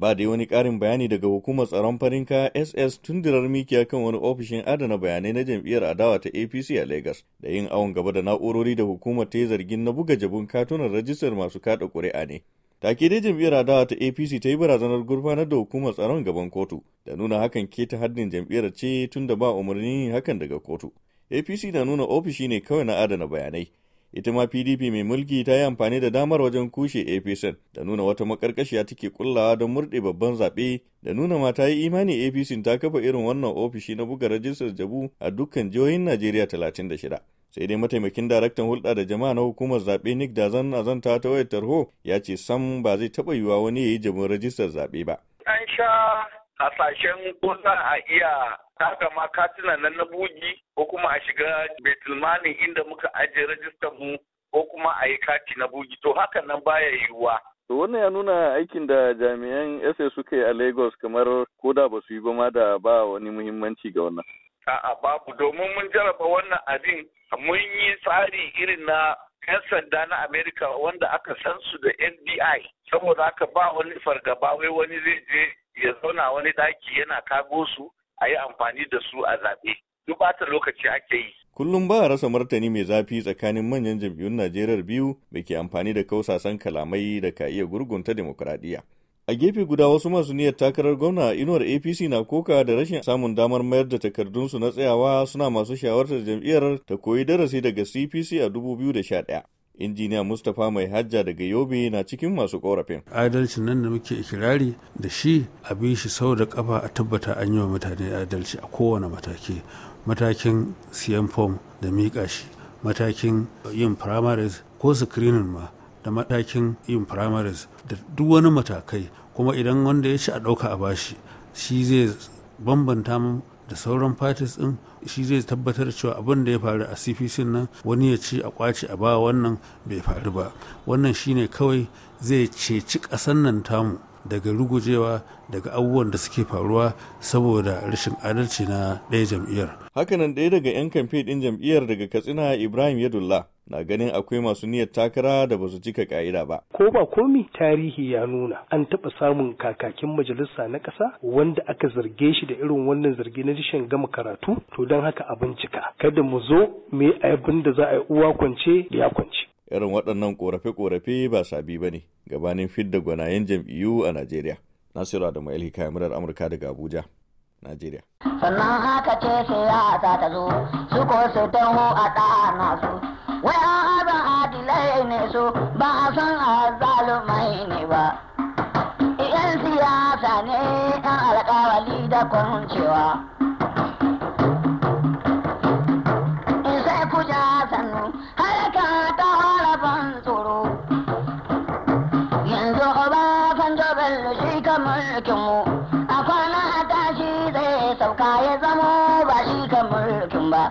ba da wani ƙarin bayani daga hukumar tsaron farin kaya ss tundurar mikiya kan wani ofishin adana bayanai na jam'iyyar adawa ta apc a lagos da yin awon gaba da na'urori da hukumar ta yi zargin na buga jabun katunan rajistar masu kada ƙuri'a ne take dai jam'iyyar adawa ta apc ta yi barazanar gurfanar da hukumar tsaron gaban kotu da nuna hakan keta haddin jam'iyyar ce tun da ba umarni hakan daga kotu apc na nuna ofishi ne kawai na adana bayanai ita ma pdp mai mulki ta yi amfani da damar wajen kushe apc da nuna wata makarkashiya take kullawa don murɗe babban zaɓe da nuna ma ta yi imani apc ta kafa irin wannan ofishi na buga rajistar jabu a dukkan jihohin najeriya shida sai dai mataimakin daraktan hulɗa da jama'a na hukumar zaɓe nick dazan azanta ta wayar tarho ya ce sam ba zai taɓa yiwuwa wani ya yi jabin rajistar zaɓe ba hasashen ko za a iya taka ma katina nan na bugi ko kuma a shiga betulmanin inda muka ajiye rajistar mu ko kuma a yi kati na bugi to hakan nan baya yiwuwa To wannan ya nuna aikin da jami'an SA suka yi a Lagos kamar koda ba su yi ba ma da ba wani muhimmanci ga wannan. A'a babu domin mun jaraba wannan abin mun yi tsari irin na 'yan sanda na Amerika wanda aka san su da nbi saboda haka ba wani fargaba wai wani zai je ya zauna wani daki yana kago su a yi amfani da su a zaɓe. Duk bata lokaci ake yi. Kullum ba a rasa martani mai zafi tsakanin manyan jam'iyyun Najeriya biyu da ke amfani da kausasan kalamai da ka iya gurgunta demokradiyya. A gefe guda wasu masu niyyar takarar gwamna a inuwar APC na koka da rashin samun damar mayar da takardunsu na tsayawa suna masu shawartar jam'iyyar ta koyi darasi daga CPC a 2011. injiniya mustapha mai hajja daga yobe na cikin masu korafin adalcin nan da muke ikirari da shi a bi shi sau da kafa a tabbata an yi wa mutane adalci a kowane mataki matakin siyan fom da miƙa shi matakin yin primaries ko screening ma da matakin yin primaries da duk wani matakai kuma idan wanda ya ci a ɗauka a bashi shi zai bambanta mu da sauran parties ɗin shi zai tabbatar cewa abin da ya faru a cpc nan wani ya ci a kwace a ba wannan bai faru ba wannan shine kawai zai ceci kasan nan tamu daga rugujewa daga abubuwan da suke faruwa saboda rashin adalci na ɗaya jam'iyyar. Hakanan ɗaya daga 'yan kamfe ɗin jam'iyyar daga Katsina Ibrahim Yadulla na ganin akwai masu niyyar takara da ba su cika ka'ida ba. Ko ba komi tarihi ya nuna an taɓa samun kakakin majalisa na ƙasa wanda aka zarge shi da irin wannan zargi na rashin gama karatu to don haka abin cika kada mu zo mu yi abin da za a yi uwa kwance ya kwance. irin waɗannan ƙorafe-ƙorafe ba sabi ba ne gabanin fidda gwanayen jam'iyyu a najeriya nasiru adamu ilhika murar amurka daga abuja najeriya sannan haka ce ya ta zo su ko su taho a ɗana su wai an ne su ba a san a azalumai ne ba Iyan siyasa ne yan alƙawali da cewa. mulkinmu a kwana a zai sauka ya zamo ba shi kan mulkin ba